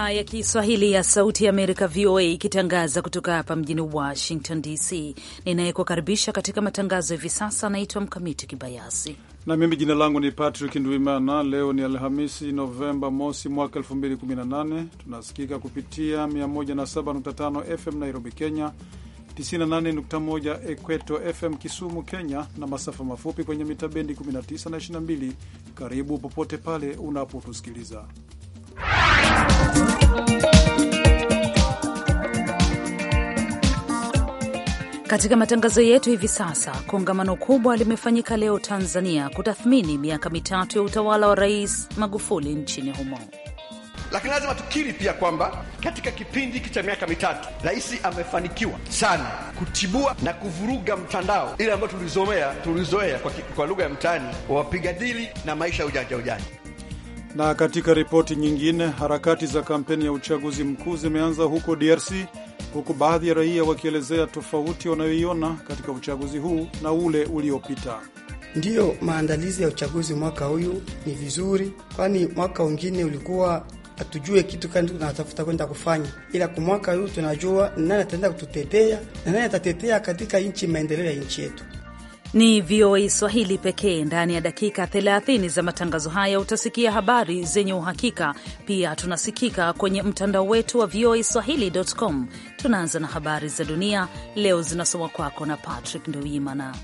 idhaa ya Kiswahili ya Sauti ya Amerika, VOA, ikitangaza kutoka hapa mjini Washington DC. Ninayekukaribisha katika matangazo hivi sasa anaitwa Mkamiti Kibayasi na mimi jina langu ni Patrick Ndwimana. Leo ni Alhamisi, Novemba mosi mwaka 2018. Tunasikika kupitia 107.5 FM Nairobi, Kenya, 98.1 Equeto FM Kisumu, Kenya, na masafa mafupi kwenye mitabendi 19 na 22. Karibu popote pale unapotusikiliza katika matangazo yetu hivi sasa, kongamano kubwa limefanyika leo Tanzania kutathmini miaka mitatu ya utawala wa Rais Magufuli nchini humo. Lakini lazima tukiri pia kwamba katika kipindi hiki cha miaka mitatu rais amefanikiwa sana kutibua na kuvuruga mtandao ile ambayo tulizoea tulizoea kwa, kwa lugha ya mtaani wapiga dili na maisha ya ujanja ujanja. Na katika ripoti nyingine, harakati za kampeni ya uchaguzi mkuu zimeanza huko DRC, huku baadhi ya raia wakielezea tofauti wanayoiona katika uchaguzi huu na ule uliopita. Ndiyo, maandalizi ya uchaguzi mwaka huyu ni vizuri, kwani mwaka wengine ulikuwa hatujue kitu kani tunatafuta kwenda kufanya, ila kwa mwaka huyu tunajua nani ataenda kututetea na nani atatetea katika nchi, maendeleo ya nchi yetu. Ni VOA Swahili pekee. Ndani ya dakika 30 za matangazo haya utasikia habari zenye uhakika. Pia tunasikika kwenye mtandao wetu wa VOA Swahili.com. Tunaanza na habari za dunia leo, zinasoma kwako na Patrick Nduimana.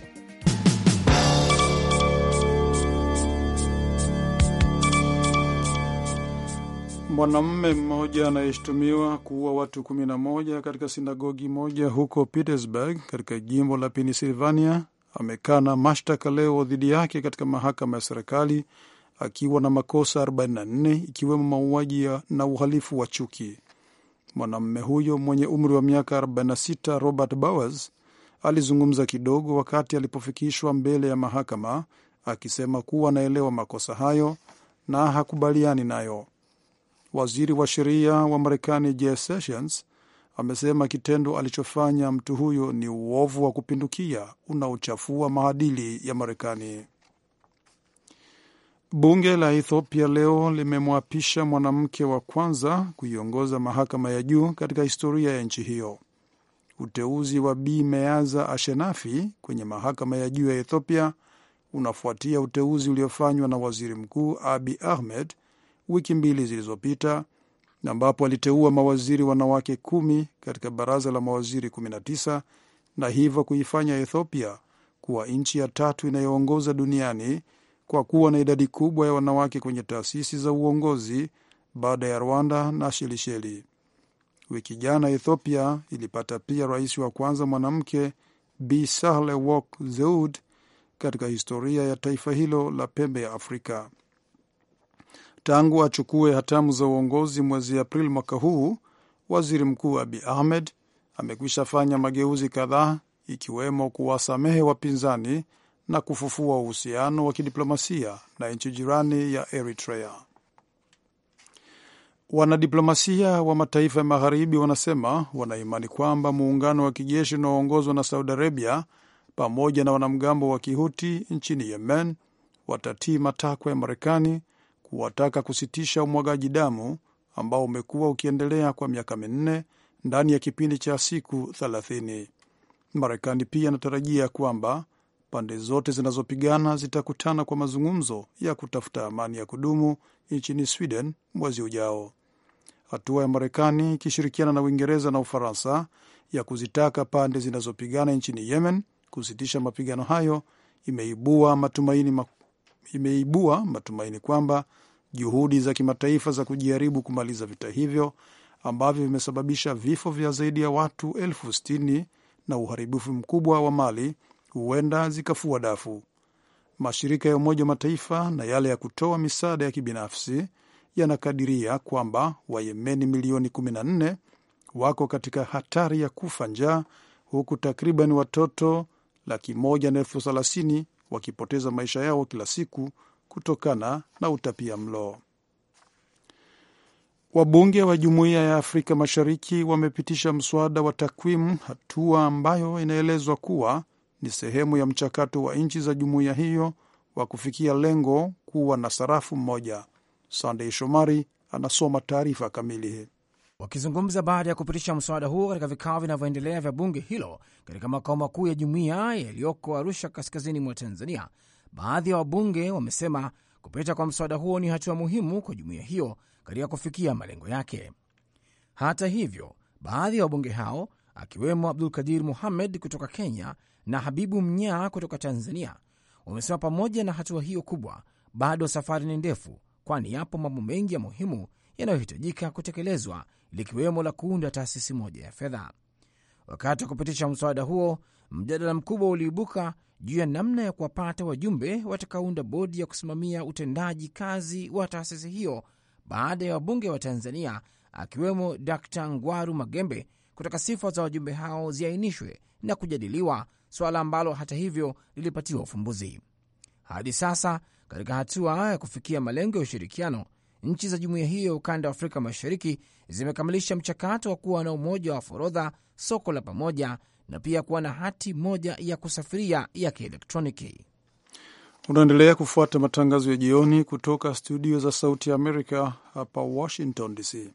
Mwanamume mmoja anayeshutumiwa kuua watu 11 katika sinagogi moja huko Petersburg katika jimbo la Pennsylvania amekana mashtaka leo dhidi yake katika mahakama ya serikali akiwa na makosa 44 ikiwemo mauaji na uhalifu wa chuki. Mwanamume huyo mwenye umri wa miaka 46 Robert Bowers alizungumza kidogo wakati alipofikishwa mbele ya mahakama akisema kuwa anaelewa makosa hayo na hakubaliani nayo. Waziri wa sheria wa Marekani Jeff Sessions amesema kitendo alichofanya mtu huyo ni uovu wa kupindukia unaochafua maadili ya Marekani. Bunge la Ethiopia leo limemwapisha mwanamke wa kwanza kuiongoza mahakama ya juu katika historia ya nchi hiyo. Uteuzi wa Bi Meaza Ashenafi kwenye mahakama ya juu ya Ethiopia unafuatia uteuzi uliofanywa na waziri mkuu Abi Ahmed wiki mbili zilizopita, ambapo aliteua mawaziri wanawake kumi katika baraza la mawaziri 19 na hivyo kuifanya Ethiopia kuwa nchi ya tatu inayoongoza duniani kwa kuwa na idadi kubwa ya wanawake kwenye taasisi za uongozi baada ya Rwanda na Shelisheli. Wiki jana Ethiopia ilipata pia rais wa kwanza mwanamke Bi Sahle Work Zewde katika historia ya taifa hilo la pembe ya Afrika. Tangu achukue hatamu za uongozi mwezi Aprili mwaka huu, waziri mkuu Abi Ahmed amekwisha fanya mageuzi kadhaa, ikiwemo kuwasamehe wapinzani na kufufua uhusiano wa kidiplomasia na nchi jirani ya Eritrea. Wanadiplomasia wa mataifa ya magharibi wanasema wanaimani kwamba muungano wa kijeshi unaoongozwa na Saudi Arabia pamoja na wanamgambo wa kihuti nchini Yemen watatii matakwa ya Marekani kuwataka kusitisha umwagaji damu ambao umekuwa ukiendelea kwa miaka minne ndani ya kipindi cha siku thelathini. Marekani pia inatarajia kwamba pande zote zinazopigana zitakutana kwa mazungumzo ya kutafuta amani ya kudumu nchini Sweden mwezi ujao. Hatua ya Marekani ikishirikiana na Uingereza na Ufaransa ya kuzitaka pande zinazopigana nchini Yemen kusitisha mapigano hayo imeibua matumaini imeibua matumaini kwamba juhudi za kimataifa za kujaribu kumaliza vita hivyo ambavyo vimesababisha vifo vya zaidi ya watu elfu sitini na uharibifu mkubwa wa mali huenda zikafua dafu. Mashirika ya Umoja wa Mataifa na yale ya kutoa misaada ya kibinafsi yanakadiria kwamba Wayemeni milioni 14 wako katika hatari ya kufa njaa huku takriban watoto laki moja na elfu thelathini wakipoteza maisha yao kila siku kutokana na utapia mlo. Wabunge wa Jumuiya ya Afrika Mashariki wamepitisha mswada wa takwimu, hatua ambayo inaelezwa kuwa ni sehemu ya mchakato wa nchi za jumuiya hiyo wa kufikia lengo kuwa na sarafu mmoja Sandey Shomari anasoma taarifa kamili. Wakizungumza baada ya kupitisha mswada huo katika vikao vinavyoendelea vya bunge hilo katika makao makuu ya jumuiya yaliyoko Arusha, kaskazini mwa Tanzania, baadhi ya wabunge wamesema kupita kwa mswada huo ni hatua muhimu kwa jumuiya hiyo katika kufikia malengo yake. Hata hivyo, baadhi ya wabunge hao akiwemo Abdul Kadir Muhammed kutoka Kenya na Habibu Mnyaa kutoka Tanzania wamesema pamoja na hatua hiyo kubwa, bado safari ni ndefu, kwani yapo mambo mengi ya muhimu yanayohitajika kutekelezwa likiwemo la kuunda taasisi moja ya fedha. Wakati wa kupitisha mswada huo, mjadala mkubwa uliibuka juu ya namna ya kuwapata wajumbe watakaunda bodi ya kusimamia utendaji kazi wa taasisi hiyo baada ya wabunge wa Tanzania akiwemo Dkt. Ngwaru Magembe kutaka sifa za wajumbe hao ziainishwe na kujadiliwa, suala ambalo hata hivyo lilipatiwa ufumbuzi. Hadi sasa katika hatua ya kufikia malengo ya ushirikiano, nchi za jumuiya hiyo ya ukanda wa Afrika Mashariki zimekamilisha mchakato wa kuwa na umoja wa forodha, soko la pamoja na pia kuwa na hati moja ya kusafiria ya kielektroniki. Unaendelea kufuata matangazo ya jioni kutoka studio za Sauti ya Amerika hapa Washington DC.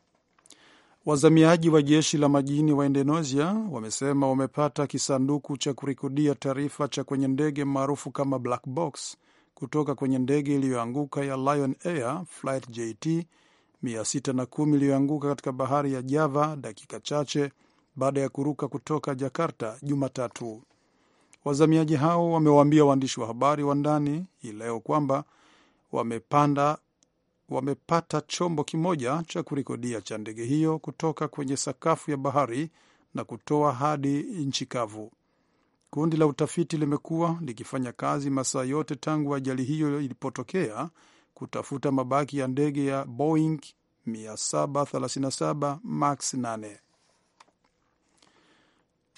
Wazamiaji wa jeshi la majini wa Indonesia wamesema wamepata kisanduku cha kurekodia taarifa cha kwenye ndege maarufu kama black box kutoka kwenye ndege iliyoanguka ya Lion Air Flight JT 610 iliyoanguka katika bahari ya Java dakika chache baada ya kuruka kutoka Jakarta Jumatatu. Wazamiaji hao wamewaambia waandishi wa habari wa ndani hii leo kwamba wamepanda wamepata chombo kimoja cha kurekodia cha ndege hiyo kutoka kwenye sakafu ya bahari na kutoa hadi nchi kavu. Kundi la utafiti limekuwa likifanya kazi masaa yote tangu ajali hiyo ilipotokea kutafuta mabaki ya ndege ya Boeing 737 Max 8.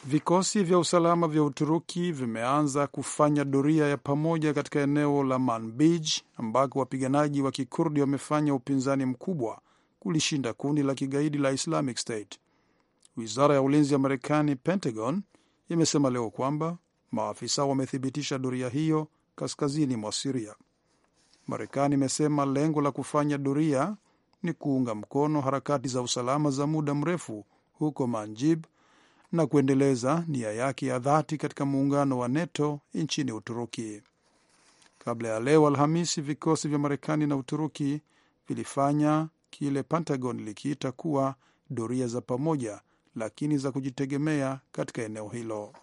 Vikosi vya usalama vya Uturuki vimeanza kufanya doria ya pamoja katika eneo la Manbij ambako wapiganaji wa Kikurdi wamefanya upinzani mkubwa kulishinda kundi la kigaidi la Islamic State. Wizara ya ulinzi ya Marekani, Pentagon, imesema leo kwamba maafisa wamethibitisha doria hiyo kaskazini mwa Siria. Marekani imesema lengo la kufanya doria ni kuunga mkono harakati za usalama za muda mrefu huko Manjib na kuendeleza nia yake ya dhati katika muungano wa NATO nchini Uturuki. Kabla ya leo Alhamisi, vikosi vya Marekani na Uturuki vilifanya kile Pentagon likiita kuwa doria za pamoja lakini za kujitegemea katika eneo hilo.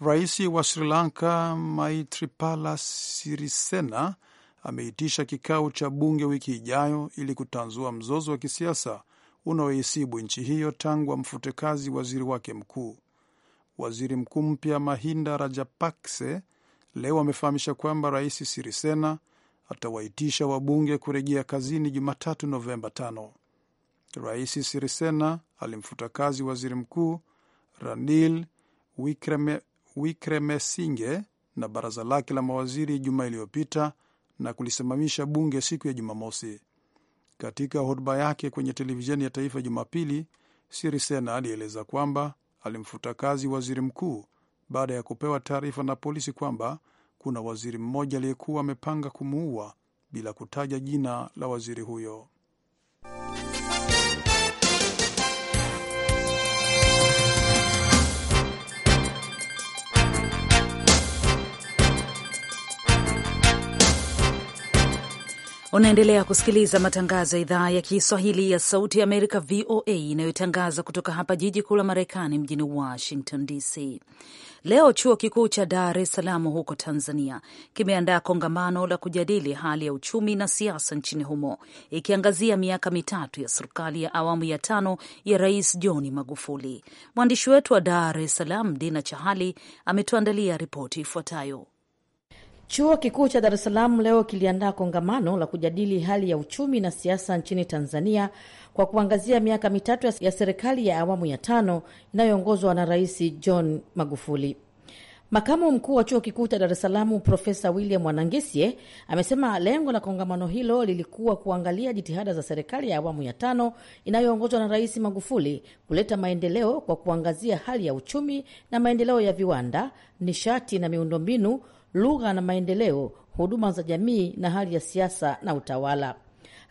Rais wa Sri Lanka maitripala Sirisena ameitisha kikao cha bunge wiki ijayo ili kutanzua mzozo wa kisiasa unaoisibu nchi hiyo tangu amfute kazi waziri wake mkuu. Waziri mkuu mpya Mahinda Rajapakse leo amefahamisha kwamba rais Sirisena atawaitisha wabunge kurejea kazini Jumatatu Novemba tano. Rais Sirisena alimfuta kazi waziri mkuu Ranil Wikreme, Wikremesinge na baraza lake la mawaziri Ijumaa iliyopita na kulisimamisha bunge siku ya Jumamosi. Katika hotuba yake kwenye televisheni ya taifa Jumapili, Sirisena alieleza kwamba alimfuta kazi waziri mkuu baada ya kupewa taarifa na polisi kwamba kuna waziri mmoja aliyekuwa amepanga kumuua bila kutaja jina la waziri huyo. Unaendelea kusikiliza matangazo ya idhaa ya Kiswahili ya Sauti ya Amerika, VOA, inayotangaza kutoka hapa jiji kuu la Marekani, mjini Washington DC. Leo chuo kikuu cha Dar es Salaam huko Tanzania kimeandaa kongamano la kujadili hali ya uchumi na siasa nchini humo, ikiangazia miaka mitatu ya serikali ya awamu ya tano ya Rais John Magufuli. Mwandishi wetu wa Dar es Salaam, Dina Chahali, ametuandalia ripoti ifuatayo. Chuo Kikuu cha Dar es Salaam leo kiliandaa kongamano la kujadili hali ya uchumi na siasa nchini Tanzania kwa kuangazia miaka mitatu ya serikali ya awamu ya tano inayoongozwa na Rais John Magufuli. Makamu mkuu wa chuo kikuu cha Dar es Salaam Profesa William Wanangisye amesema lengo la kongamano hilo lilikuwa kuangalia jitihada za serikali ya awamu ya tano inayoongozwa na Rais Magufuli kuleta maendeleo kwa kuangazia hali ya uchumi na maendeleo ya viwanda, nishati na miundombinu lugha na maendeleo, huduma za jamii na hali ya siasa na utawala.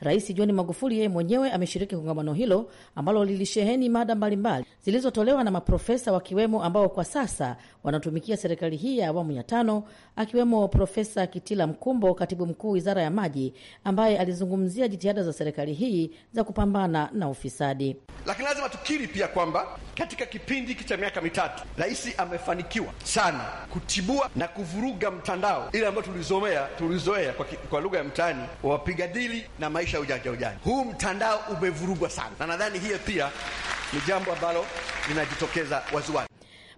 Rais John Magufuli yeye mwenyewe ameshiriki kongamano hilo ambalo lilisheheni mada mbalimbali zilizotolewa na maprofesa wakiwemo ambao kwa sasa wanatumikia serikali hii ya awamu ya tano, akiwemo Profesa Kitila Mkumbo, katibu mkuu wizara ya maji, ambaye alizungumzia jitihada za serikali hii za kupambana na ufisadi. Lakini lazima tukiri pia kwamba katika kipindi hiki cha miaka mitatu rais amefanikiwa sana kutibua na kuvuruga mtandao ile ambayo tulizomea tulizoea kwa, kwa lugha ya mtaani wapiga dili na maisha kuonyesha ujanja ujanja. Huu mtandao umevurugwa sana, na nadhani hiyo pia ni jambo ambalo linajitokeza waziwazi.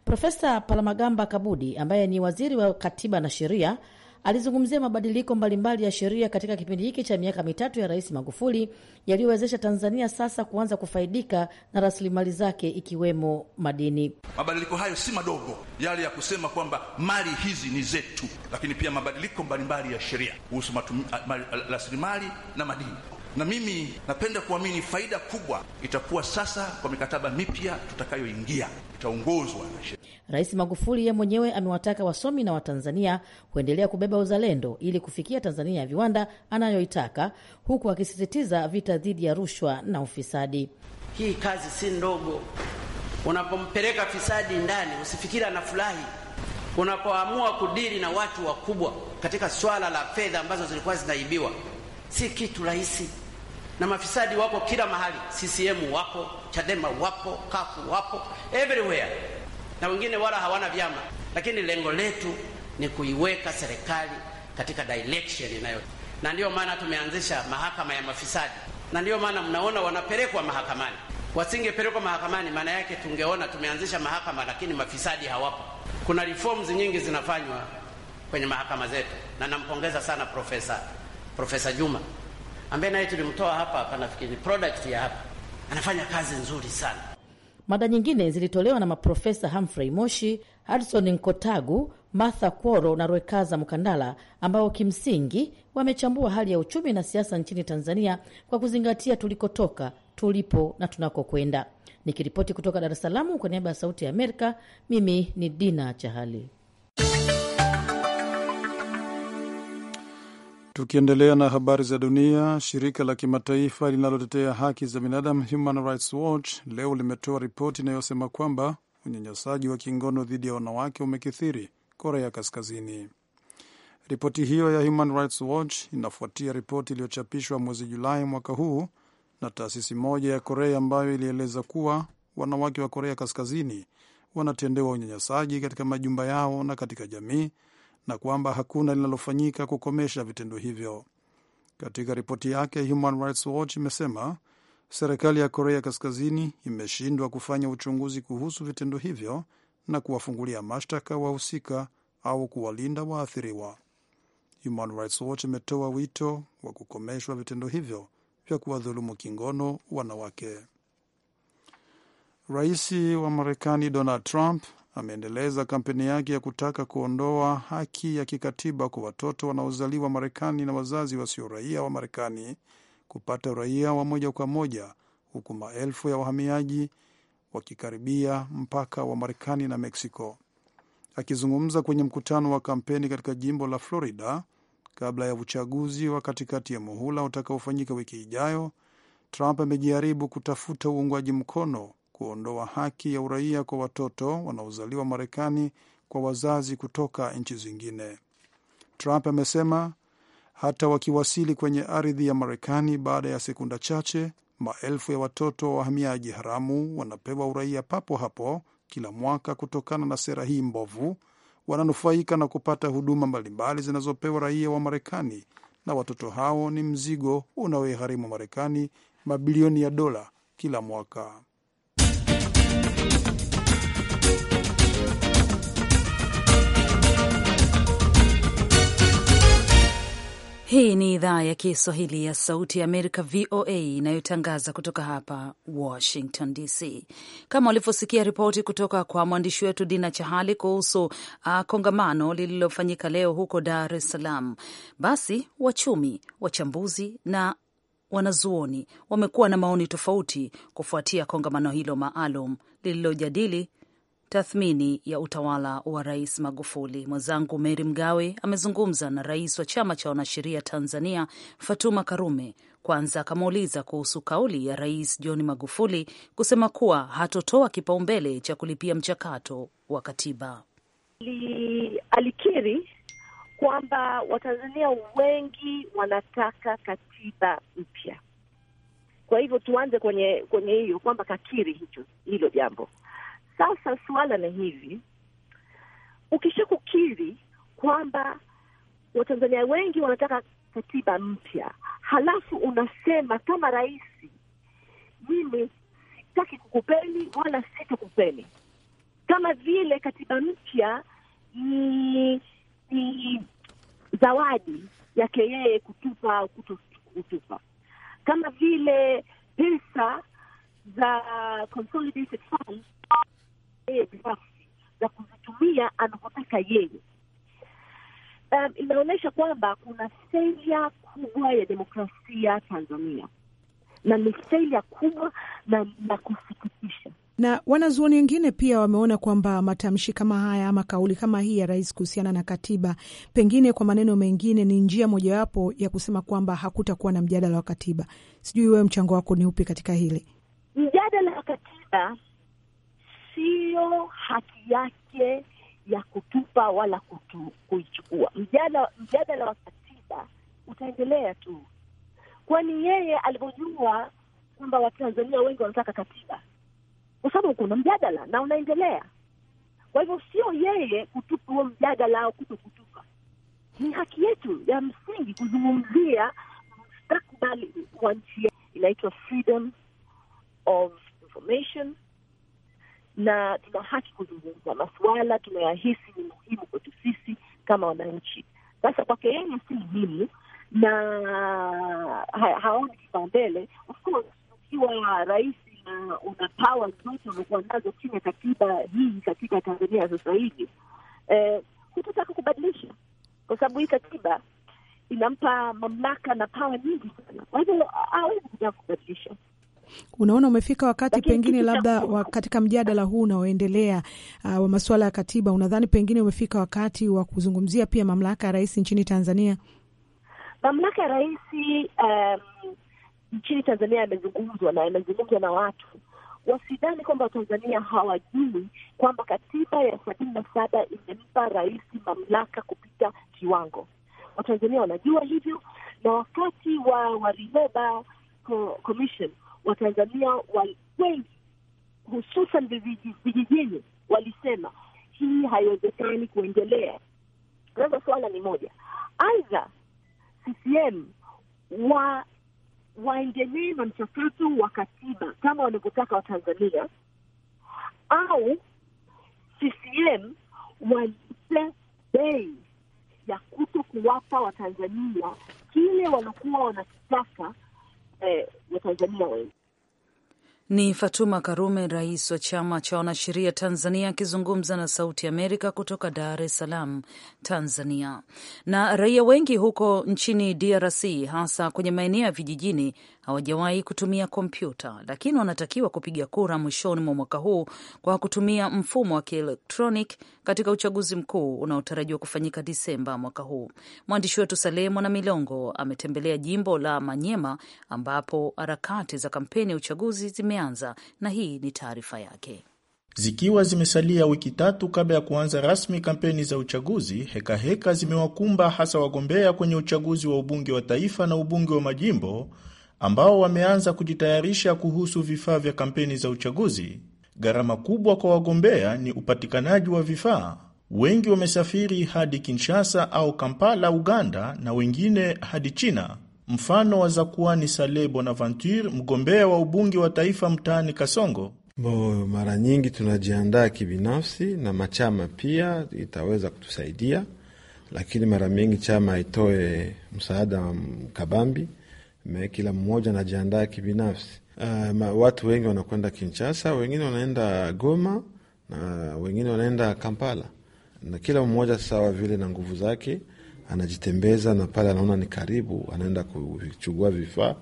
Profesa Palamagamba Kabudi ambaye ni waziri wa katiba na sheria Alizungumzia mabadiliko mbalimbali ya sheria katika kipindi hiki cha miaka mitatu ya Rais Magufuli yaliyowezesha Tanzania sasa kuanza kufaidika na rasilimali zake ikiwemo madini. Mabadiliko hayo si madogo, yale ya kusema kwamba mali hizi ni zetu, lakini pia mabadiliko mbalimbali ya sheria kuhusu rasilimali na madini na mimi napenda kuamini faida kubwa itakuwa sasa kwa mikataba mipya tutakayoingia itaongozwa na sheria. Rais Magufuli ye mwenyewe amewataka wasomi na Watanzania kuendelea kubeba uzalendo ili kufikia Tanzania ya viwanda anayoitaka, huku akisisitiza vita dhidi ya rushwa na ufisadi. Hii kazi si ndogo. Unapompeleka fisadi ndani, usifikiri anafurahi. Unapoamua kudili na watu wakubwa katika swala la fedha ambazo zilikuwa zinaibiwa, si kitu rahisi. Na mafisadi wako kila mahali, CCM wako, Chadema wapo, kafu wapo, everywhere na wengine wala hawana vyama, lakini lengo letu ni kuiweka serikali katika direction inayo, na ndiyo maana tumeanzisha mahakama ya mafisadi, na ndiyo maana mnaona wanapelekwa mahakamani. Wasingepelekwa mahakamani, maana yake tungeona tumeanzisha mahakama lakini mafisadi hawapo. Kuna reforms nyingi zinafanywa kwenye mahakama zetu, na nampongeza sana profesa Profesa Juma ambaye naye tulimtoa hapa hapa, nafikiri product ya hapa, anafanya kazi nzuri sana. Mada nyingine zilitolewa na maprofesa Humphrey Moshi, Hudson Nkotagu, Martha Kworo na Rwekaza Mkandala, ambao kimsingi wamechambua hali ya uchumi na siasa nchini Tanzania kwa kuzingatia tulikotoka, tulipo na tunakokwenda. Nikiripoti kutoka Dar es Salaam kwa niaba ya Sauti ya Amerika, mimi ni Dina Chahali. Tukiendelea na habari za dunia, shirika la kimataifa linalotetea haki za binadamu Human Rights Watch leo limetoa ripoti inayosema kwamba unyanyasaji wa kingono dhidi ya wanawake umekithiri Korea Kaskazini. Ripoti hiyo ya Human Rights Watch inafuatia ripoti iliyochapishwa mwezi Julai mwaka huu na taasisi moja ya Korea ambayo ilieleza kuwa wanawake wa Korea Kaskazini wanatendewa unyanyasaji katika majumba yao na katika jamii na kwamba hakuna linalofanyika kukomesha vitendo hivyo. Katika ripoti yake, Human Rights Watch imesema serikali ya Korea Kaskazini imeshindwa kufanya uchunguzi kuhusu vitendo hivyo na kuwafungulia mashtaka wahusika au kuwalinda waathiriwa. Human Rights Watch imetoa wito wa kukomeshwa vitendo hivyo vya kuwadhulumu kingono wanawake. Rais wa Marekani Donald Trump ameendeleza kampeni yake ya kutaka kuondoa haki ya kikatiba kwa watoto wanaozaliwa Marekani na wazazi wasio raia wa Marekani kupata uraia wa moja kwa moja, huku maelfu ya wahamiaji wakikaribia mpaka wa Marekani na Meksiko. Akizungumza kwenye mkutano wa kampeni katika jimbo la Florida kabla ya uchaguzi wa katikati ya muhula utakaofanyika wiki ijayo, Trump amejaribu kutafuta uungwaji mkono kuondoa haki ya uraia kwa watoto wanaozaliwa Marekani kwa wazazi kutoka nchi zingine. Trump amesema hata wakiwasili kwenye ardhi ya Marekani baada ya sekunda chache, maelfu ya watoto wa wahamiaji haramu wanapewa uraia papo hapo kila mwaka. Kutokana na sera hii mbovu, wananufaika na kupata huduma mbalimbali zinazopewa raia wa Marekani, na watoto hao ni mzigo unaoigharimu Marekani mabilioni ya dola kila mwaka. Hii ni idhaa ya Kiswahili ya Sauti ya Amerika, VOA, inayotangaza kutoka hapa Washington DC. Kama ulivyosikia ripoti kutoka kwa mwandishi wetu Dina Chahali kuhusu uh, kongamano lililofanyika leo huko Dar es Salaam, basi wachumi, wachambuzi na wanazuoni wamekuwa na maoni tofauti kufuatia kongamano hilo maalum lililojadili tathmini ya utawala wa Rais Magufuli. Mwenzangu Meri Mgawe amezungumza na rais wa chama cha wanasheria Tanzania, Fatuma Karume. Kwanza akamuuliza kuhusu kauli ya Rais John Magufuli kusema kuwa hatotoa kipaumbele cha kulipia mchakato wa katiba. Alikiri kwamba Watanzania wengi wanataka katiba mpya kwa hivyo tuanze kwenye kwenye hiyo kwamba kakiri hicho hilo jambo. Sasa suala ni hivi, ukisha kukiri kwamba Watanzania wengi wanataka katiba mpya, halafu unasema kama rais, mimi sitaki kukupeni wala sitokupeni, kama vile katiba mpya ni ni zawadi yake yeye kutupa au kutupa kama vile pesa za consolidated fund binafsi za kuzitumia anavyotaka yeye. Um, inaonyesha kwamba kuna failure kubwa ya demokrasia Tanzania, na ni failure kubwa na na kusikitisha na wanazuoni wengine pia wameona kwamba matamshi kama haya ama kauli kama hii ya rais kuhusiana na katiba, pengine kwa maneno mengine, ni njia mojawapo ya kusema kwamba hakutakuwa na mjadala wa katiba. Sijui wewe mchango wako ni upi katika hili? Mjadala wa katiba siyo haki yake ya kutupa wala kutu, kuichukua. Mjadala, mjadala wa katiba utaendelea tu, kwani yeye alivyojua kwamba Watanzania wengi wanataka katiba kwa sababu kuna mjadala na unaendelea. Kwa hivyo sio yeye kutupa huo mjadala au kuto kutupa, ni haki yetu ya msingi kuzungumzia mustakbali wa nchi yetu, inaitwa freedom of information, na tuna haki kuzungumza masuala tunayahisi ni muhimu kwetu sisi kama wananchi. Sasa kwake yeye si muhimu na haoni kipaumbele. Of course, ukiwa rais uh, una pawa zote umekuwa nazo chini ya katiba hii katika Tanzania sasa hivi, eh, hutataka kubadilisha, kwa sababu hii katiba inampa mamlaka na pawa nyingi sana. Kwa hivyo hawezi kutaka kubadilisha. Unaona, umefika wakati Lakin pengine labda katika mjadala huu unaoendelea uh, wa masuala ya katiba, unadhani pengine umefika wakati wa kuzungumzia pia mamlaka ya rais nchini Tanzania? Mamlaka ya rais um, nchini Tanzania yamezungumzwa na yamezungumzwa na watu wasidhani kwamba Watanzania hawajui kwamba katiba ya sabini na saba imempa rais mamlaka kupita kiwango. Watanzania wanajua hivyo, na wakati wa wa Commission Watanzania wengi hususan vijijini walisema hii haiwezekani kuendelea. Sasa suala ni moja, aidha CCM wa waendelee na mchakato wa katiba kama wanavyotaka Watanzania, au CCM walipe bei ya kuto kuwapa Watanzania kile waliokuwa wanakitaka eh, Watanzania wengi. Ni Fatuma Karume, rais wa chama cha wanasheria Tanzania, akizungumza na Sauti Amerika kutoka Dar es Salaam, Tanzania. Na raia wengi huko nchini DRC, hasa kwenye maeneo ya vijijini, hawajawahi kutumia kompyuta, lakini wanatakiwa kupiga kura mwishoni mwa mwaka huu kwa kutumia mfumo wa kielektronic katika uchaguzi mkuu unaotarajiwa kufanyika Disemba mwaka huu. Mwandishi wetu Salemu na Milongo ametembelea jimbo la Manyema ambapo harakati za kampeni ya uchaguzi zimeanza, na hii ni taarifa yake. Zikiwa zimesalia wiki tatu kabla ya kuanza rasmi kampeni za uchaguzi, hekaheka heka zimewakumba hasa wagombea kwenye uchaguzi wa ubunge wa taifa na ubunge wa majimbo ambao wameanza kujitayarisha kuhusu vifaa vya kampeni za uchaguzi. Gharama kubwa kwa wagombea ni upatikanaji wa vifaa. Wengi wamesafiri hadi Kinshasa au Kampala, Uganda, na wengine hadi China. Mfano wa Zakuani Sale Bonaventure, mgombea wa ubunge wa taifa mtaani Kasongo. Bo, mara nyingi tunajiandaa kibinafsi na machama pia itaweza kutusaidia, lakini mara mingi chama itoe msaada mkabambi kila mmoja anajiandaa kibinafsi. Uh, watu wengi wanakwenda Kinshasa, wengine wanaenda Goma na wengine wanaenda Kampala, na kila mmoja sawa vile na nguvu zake anajitembeza, na pale anaona ni karibu, anaenda kuchugua vifaa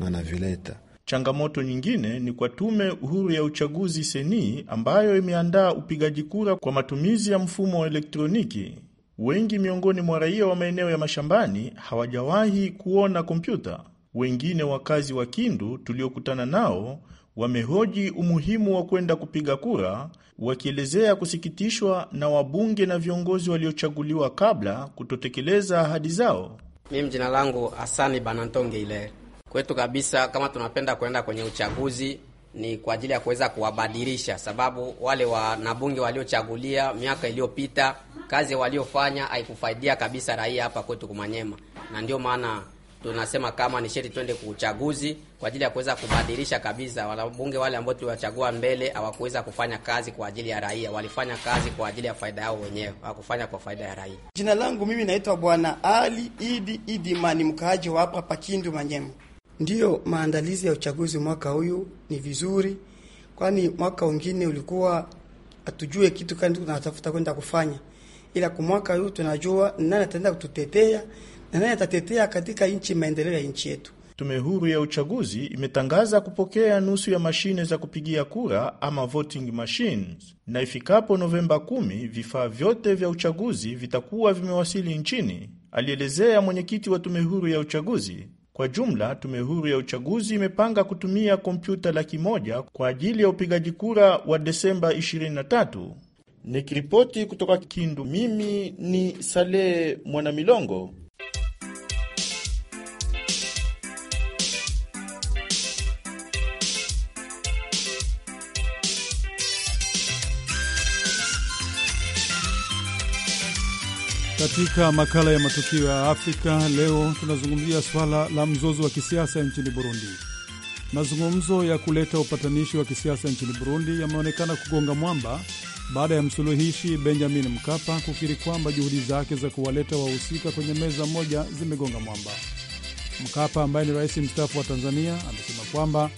na anavileta. Changamoto nyingine ni kwa tume huru ya uchaguzi seni ambayo imeandaa upigaji kura kwa matumizi ya mfumo wa elektroniki. Wengi miongoni mwa raia wa maeneo ya mashambani hawajawahi kuona kompyuta. Wengine wakazi wa Kindu tuliokutana nao wamehoji umuhimu wa kwenda kupiga kura, wakielezea kusikitishwa na wabunge na viongozi waliochaguliwa kabla kutotekeleza ahadi zao. Mimi jina langu Hasani Banantonge. Ile kwetu kabisa, kama tunapenda kuenda kwenye uchaguzi ni kwa ajili ya kuweza kuwabadilisha, sababu wale wanabunge waliochagulia miaka iliyopita, kazi waliofanya haikufaidia kabisa raia hapa kwetu Kumanyema, na ndio maana tunasema kama ni sheti twende kuchaguzi kwa ajili ya kuweza kubadilisha kabisa. Wanabunge wale ambao tuliwachagua mbele hawakuweza kufanya kazi kwa ajili ya raia, walifanya kazi kwa ajili ya faida yao wenyewe, hawakufanya kwa faida ya raia. Jina langu mimi naitwa Bwana Ali Idi Idi Mani, mkaaji wa hapa Pakindu Manyema. Ndiyo, maandalizi ya uchaguzi mwaka huyu ni vizuri, kwani mwaka wengine ulikuwa hatujue kitu, kani tunatafuta kwenda kufanya, ila kwa mwaka huu tunajua nani ataenda kututetea na nani atatetea katika nchi maendeleo ya nchi yetu. Tume huru ya uchaguzi imetangaza kupokea nusu ya mashine za kupigia kura ama voting machines, na ifikapo Novemba 10 vifaa vyote vya uchaguzi vitakuwa vimewasili nchini, alielezea mwenyekiti wa tume huru ya uchaguzi. Kwa jumla, tume huru ya uchaguzi imepanga kutumia kompyuta laki moja kwa ajili ya upigaji kura wa Desemba 23. Nikiripoti kutoka Kindu, mimi ni Saleh Mwanamilongo. Katika makala ya matukio ya Afrika leo tunazungumzia swala la mzozo wa kisiasa nchini Burundi. Mazungumzo ya kuleta upatanishi wa kisiasa nchini Burundi yameonekana kugonga mwamba baada ya msuluhishi Benjamin Mkapa kukiri kwamba juhudi zake za kuwaleta wahusika kwenye meza moja zimegonga mwamba. Mkapa ambaye ni rais mstaafu wa Tanzania amesema kwamba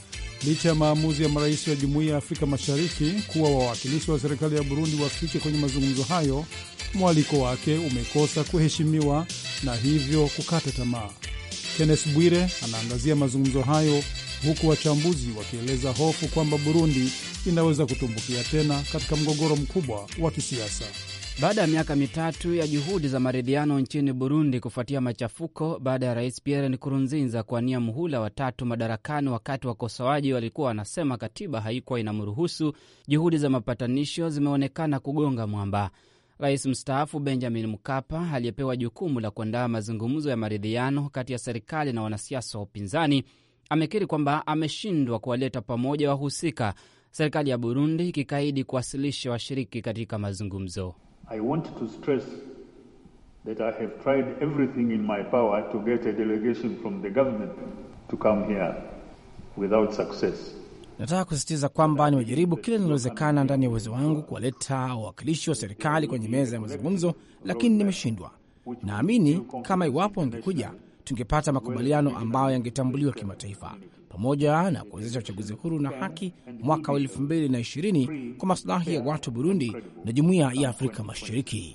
licha ya maamuzi ya marais wa Jumuiya ya Afrika Mashariki kuwa wawakilishi wa serikali ya Burundi wafike kwenye mazungumzo hayo mwaliko wake umekosa kuheshimiwa na hivyo kukata tamaa. Kennes Bwire anaangazia mazungumzo hayo huku wachambuzi wakieleza hofu kwamba Burundi inaweza kutumbukia tena katika mgogoro mkubwa wa kisiasa. Baada ya miaka mitatu ya juhudi za maridhiano nchini Burundi kufuatia machafuko baada ya rais Pierre Nkurunziza kuwania muhula wa tatu madarakani, wakati wakosoaji walikuwa wanasema katiba haikuwa inamruhusu, juhudi za mapatanisho zimeonekana kugonga mwamba. Rais mstaafu Benjamin Mkapa aliyepewa jukumu la kuandaa mazungumzo ya maridhiano kati ya serikali na wanasiasa wa upinzani amekiri kwamba ameshindwa kuwaleta pamoja wahusika, serikali ya Burundi ikikaidi kuwasilisha washiriki katika mazungumzo. I want to stress that I have tried everything in my power to get a delegation from the government to come here without success. Nataka kusisitiza kwamba nimejaribu kila linalowezekana ndani ya uwezo wangu kuwaleta wawakilishi wa serikali kwenye meza ya mazungumzo, lakini nimeshindwa. Naamini kama iwapo wangekuja, tungepata makubaliano ambayo yangetambuliwa kimataifa pamoja na kuwezesha uchaguzi huru na haki mwaka wa elfu mbili na ishirini kwa maslahi ya watu Burundi na jumuiya ya Afrika Mashariki.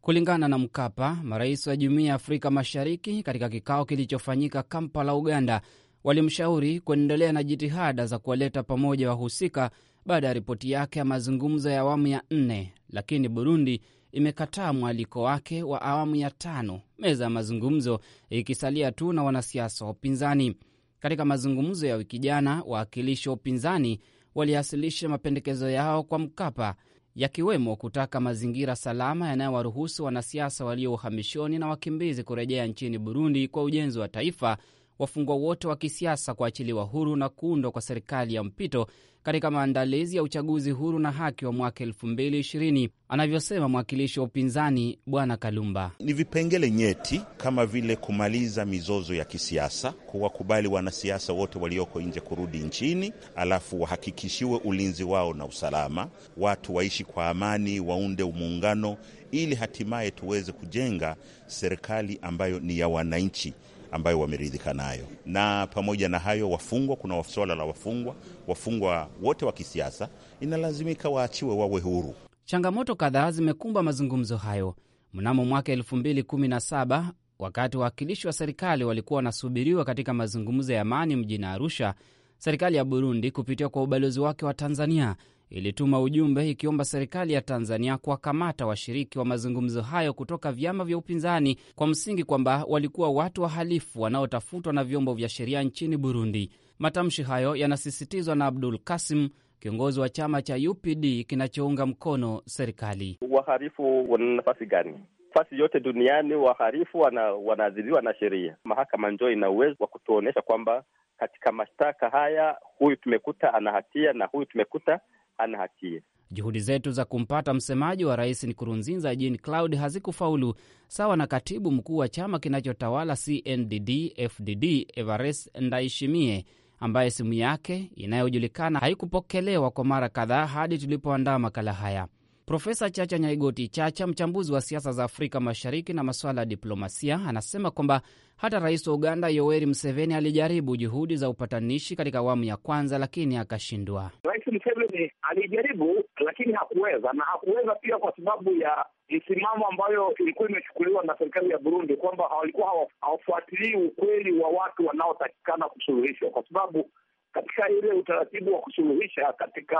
Kulingana na Mkapa, marais wa Jumuiya ya Afrika Mashariki katika kikao kilichofanyika Kampala, Uganda, walimshauri kuendelea na jitihada za kuwaleta pamoja wahusika baada ya ripoti yake ya mazungumzo ya awamu ya nne, lakini Burundi imekataa mwaliko wake wa awamu ya tano, meza ya mazungumzo ikisalia tu na wanasiasa wa upinzani. Katika mazungumzo ya wiki jana, wawakilishi wa upinzani waliasilisha mapendekezo yao kwa Mkapa yakiwemo kutaka mazingira salama yanayowaruhusu wanasiasa walio uhamishoni na wakimbizi kurejea nchini Burundi kwa ujenzi wa taifa wafungwa wote wa kisiasa kuachiliwa huru na kuundwa kwa serikali ya mpito katika maandalizi ya uchaguzi huru na haki wa mwaka elfu mbili ishirini, anavyosema mwakilishi wa upinzani Bwana Kalumba. Ni vipengele nyeti kama vile kumaliza mizozo ya kisiasa, kuwakubali wanasiasa wote walioko nje kurudi nchini, alafu wahakikishiwe ulinzi wao na usalama, watu waishi kwa amani, waunde muungano, ili hatimaye tuweze kujenga serikali ambayo ni ya wananchi ambayo wameridhika nayo. Na pamoja na hayo, wafungwa, kuna swala la wafungwa. Wafungwa wote wa kisiasa inalazimika waachiwe wawe huru. Changamoto kadhaa zimekumba mazungumzo hayo. Mnamo mwaka 2017 wakati wawakilishi wa serikali walikuwa wanasubiriwa katika mazungumzo ya amani mjini Arusha, serikali ya Burundi kupitia kwa ubalozi wake wa Tanzania ilituma ujumbe ikiomba serikali ya Tanzania kuwakamata washiriki wa mazungumzo hayo kutoka vyama vya upinzani kwa msingi kwamba walikuwa watu wahalifu wanaotafutwa na vyombo vya sheria nchini Burundi. Matamshi hayo yanasisitizwa na Abdul Kasim, kiongozi wa chama cha UPD kinachounga mkono serikali. waharifu wana nafasi gani? Nafasi yote duniani waharifu wanaadhiriwa na sheria. Mahakama njo ina uwezo wa kutuonyesha kwamba katika mashtaka haya, huyu tumekuta ana hatia na huyu tumekuta ana hatia. Juhudi zetu za kumpata msemaji wa rais Nkurunziza Jean Claude hazikufaulu, sawa na katibu mkuu wa chama kinachotawala CNDD-FDD evarest ndaishimie ambaye simu yake inayojulikana haikupokelewa kwa mara kadhaa hadi tulipoandaa makala haya. Profesa Chacha Nyaigoti Chacha, mchambuzi wa siasa za Afrika Mashariki na masuala ya diplomasia, anasema kwamba hata rais wa Uganda Yoweri Museveni alijaribu juhudi za upatanishi katika awamu ya kwanza, lakini akashindwa. Rais Museveni alijaribu, lakini hakuweza, na hakuweza pia kwa sababu ya misimamo ambayo ilikuwa imechukuliwa na serikali ya Burundi kwamba walikuwa hawafuatilii ukweli wa watu wanaotakikana kusuluhishwa, kwa sababu katika ile utaratibu wa kusuluhisha katika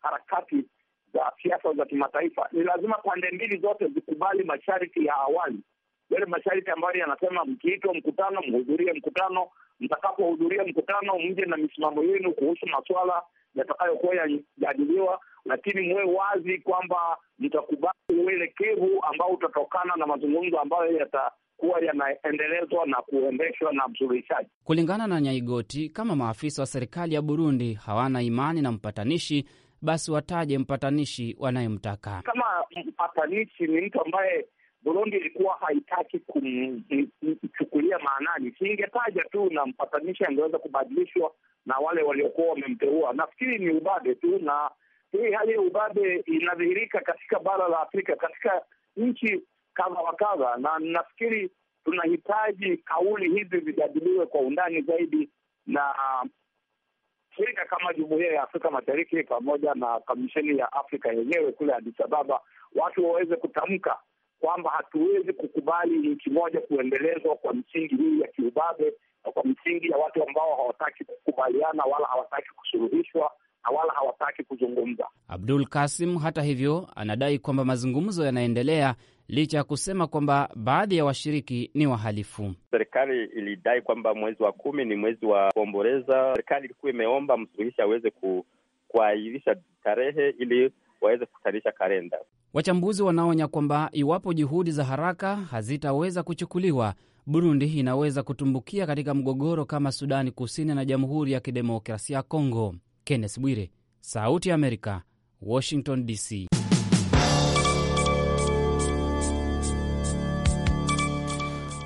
harakati za siasa za kimataifa, ni lazima pande mbili zote zikubali masharti ya awali, yale masharti ambayo yanasema mkiitwa mkutano mhudhurie mkutano, mtakapohudhuria mkutano mje na misimamo yenu kuhusu maswala yatakayokuwa yajadiliwa, lakini muwe wazi kwamba mtakubali uelekevu ambao utatokana na mazungumzo ambayo yata kuwa yanaendelezwa na kuendeshwa na msuluhishaji. Kulingana na Nyaigoti, kama maafisa wa serikali ya Burundi hawana imani na mpatanishi, basi wataje mpatanishi wanayemtaka. Kama mpatanishi ni mtu ambaye Burundi ilikuwa haitaki kumchukulia maanani, singetaja tu na mpatanishi angeweza kubadilishwa na wale waliokuwa wamemteua. Nafikiri ni ubabe tu, na hii hali ya ubabe inadhihirika katika bara la Afrika, katika nchi kadha wa kadha, na nafikiri tunahitaji kauli hizi zijadiliwe kwa undani zaidi na Afrika kama jumuiya ya Afrika Mashariki pamoja na kamisheni ya Afrika yenyewe kule Addis Ababa, watu waweze kutamka kwamba hatuwezi kukubali nchi moja kuendelezwa kwa msingi hii ya kiubabe na kwa msingi ya watu ambao hawataki kukubaliana wala hawataki kusuluhishwa na wala hawataki kuzungumza. Abdul Kasim, hata hivyo, anadai kwamba mazungumzo yanaendelea licha ya kusema kwamba baadhi ya washiriki ni wahalifu. Serikali ilidai kwamba mwezi wa kumi ni mwezi wa kuomboleza. Serikali ilikuwa imeomba msuluhishi aweze ku, kuahirisha tarehe ili waweze kutayarisha kalenda. Wachambuzi wanaonya kwamba iwapo juhudi za haraka hazitaweza kuchukuliwa, Burundi inaweza kutumbukia katika mgogoro kama Sudani Kusini na Jamhuri ya Kidemokrasia ya Kongo. Kenneth Bwire, Sauti ya Amerika, Washington DC.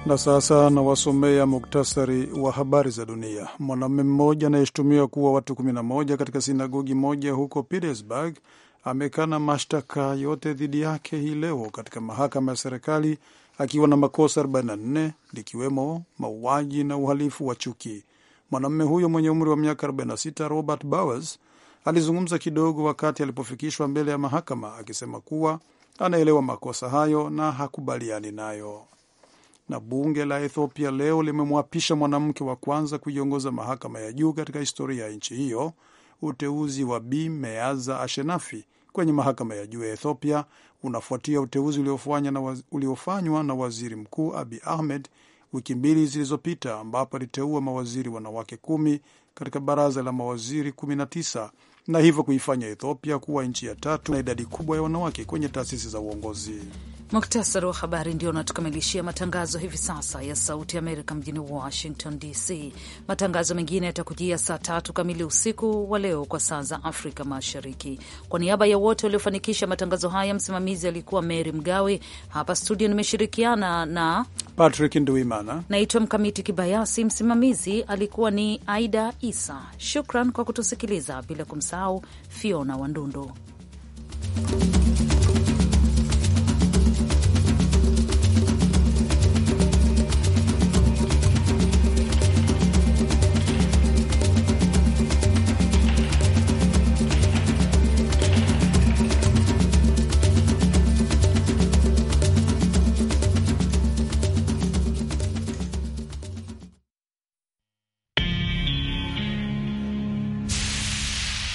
Na sasa nawasomea muktasari wa habari za dunia. Mwanamume mmoja anayeshutumiwa kuwa watu 11 katika sinagogi moja huko Petersburg amekana mashtaka yote dhidi yake hii leo katika mahakama ya serikali akiwa na makosa 44 likiwemo mauaji na uhalifu wa chuki. Mwanamume huyo mwenye umri wa miaka 46, Robert Bowers, alizungumza kidogo wakati alipofikishwa mbele ya mahakama akisema kuwa anaelewa makosa hayo na hakubaliani nayo na bunge la Ethiopia leo limemwapisha mwanamke wa kwanza kuiongoza mahakama ya juu katika historia ya nchi hiyo. Uteuzi wa Bi Meaza Ashenafi kwenye mahakama ya juu ya Ethiopia unafuatia uteuzi uliofanywa na waziri mkuu Abi Ahmed wiki mbili zilizopita, ambapo aliteua mawaziri wanawake kumi katika baraza la mawaziri 19 na hivyo kuifanya Ethiopia kuwa nchi ya tatu na idadi kubwa ya wanawake kwenye taasisi za uongozi. Muktasari wa habari ndio unatukamilishia matangazo hivi sasa ya Sauti ya Amerika mjini Washington DC. Matangazo mengine yatakujia saa tatu kamili usiku wa leo kwa saa za Afrika Mashariki. Kwa niaba ya wote waliofanikisha matangazo haya, msimamizi alikuwa Mary Mgawe. Hapa studio nimeshirikiana na Patrick Nduimana, naitwa Mkamiti Kibayasi, msimamizi alikuwa ni Aida Isa. Shukran kwa kutusikiliza, bila kumsahau Fiona Wandundu.